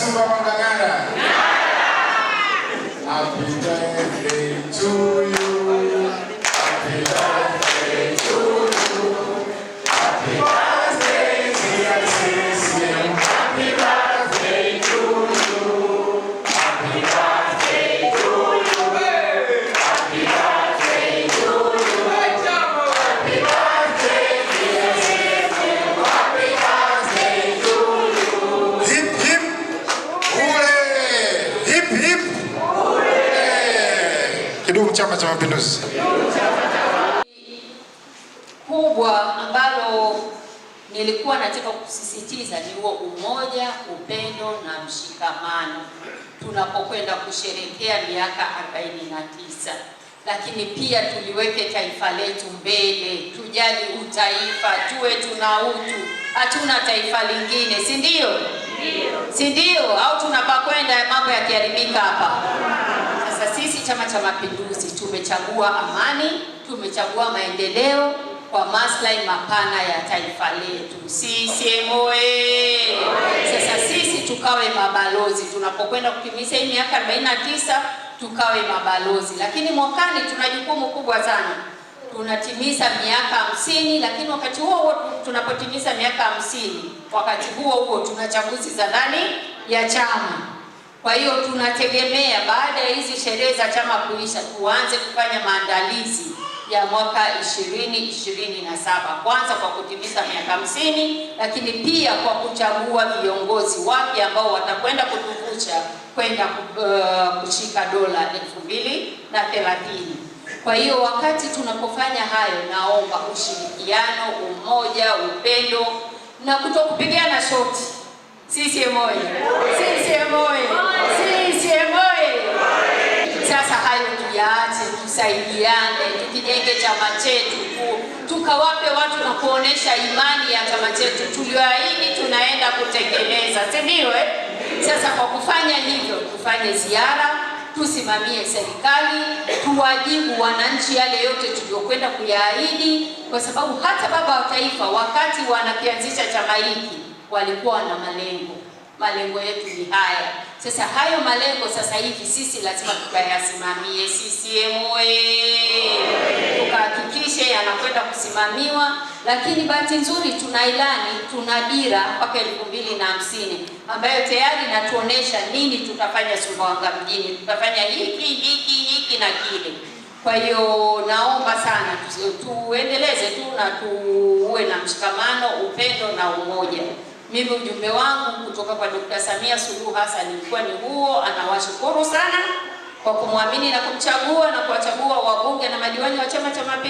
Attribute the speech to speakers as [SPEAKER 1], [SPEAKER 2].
[SPEAKER 1] Simba Mwangang'ara apita Kidumu Chama cha Mapinduzi!
[SPEAKER 2] Kubwa ambalo nilikuwa nataka kusisitiza ni huo umoja, upendo na mshikamano tunapokwenda kusherehekea miaka 49, lakini pia tuliweke taifa letu mbele, tujali utaifa, tuwe tuna utu. Hatuna taifa lingine, si ndio? Si ndio? Au tunapakwenda mambo yakiharibika hapa sasa sisi Chama cha Mapinduzi tumechagua amani, tumechagua maendeleo kwa maslahi mapana ya taifa letu. CCM oyee! Sasa sisi tukawe mabalozi tunapokwenda kutimiza hii miaka 49, tukawe mabalozi. Lakini mwakani tuna jukumu kubwa sana, tunatimiza miaka hamsini. Lakini wakati huo huo tunapotimiza miaka hamsini, wakati huo huo tuna chaguzi za ndani ya chama kwa hiyo tunategemea baada ya hizi sherehe za chama kuisha, tuanze kufanya maandalizi ya mwaka 2027 kwanza kwa kutimiza miaka hamsini, lakini pia kwa kuchagua viongozi wapya ambao watakwenda kutuvusha kwenda uh, kushika dola elfu mbili na thelathini. Kwa hiyo wakati tunapofanya hayo, naomba ushirikiano, umoja, upendo na kutokupigana shoti. CCM oyee! CCM oyee! CCM oyee! Sasa hayo tuyaache, tusaidiane, tukijenge chama chetu, tukawape watu na kuonesha imani ya chama chetu tulioahidi tunaenda kutekeleza, si ndio? Eh? sasa kwa kufanya hivyo, tufanye ziara, tusimamie serikali, tuwajibu wananchi yale yote tuliyokwenda kuyaahidi, kwa sababu hata baba wa taifa wakati wanakianzisha chama hiki walikuwa na malengo. Malengo yetu ni haya. Sasa hayo malengo sasa hivi sisi lazima tukayasimamie. CCM oyee! Tukahakikishe yanakwenda kusimamiwa, lakini bahati nzuri tuna ilani, tuna dira mpaka elfu mbili na hamsini ambayo tayari natuonesha nini tutafanya Sumbawanga mjini, tutafanya hiki hiki hiki na kile. Kwa hiyo naomba sana tuendeleze tu na tuwe na mshikamano, upendo na umoja. Mimi ujumbe wangu kutoka kwa Dkt. Samia Suluhu Hassan ilikuwa ni huo. Anawashukuru sana kwa kumwamini na kumchagua na kuwachagua wabunge na madiwani wa Chama cha Mapinduzi.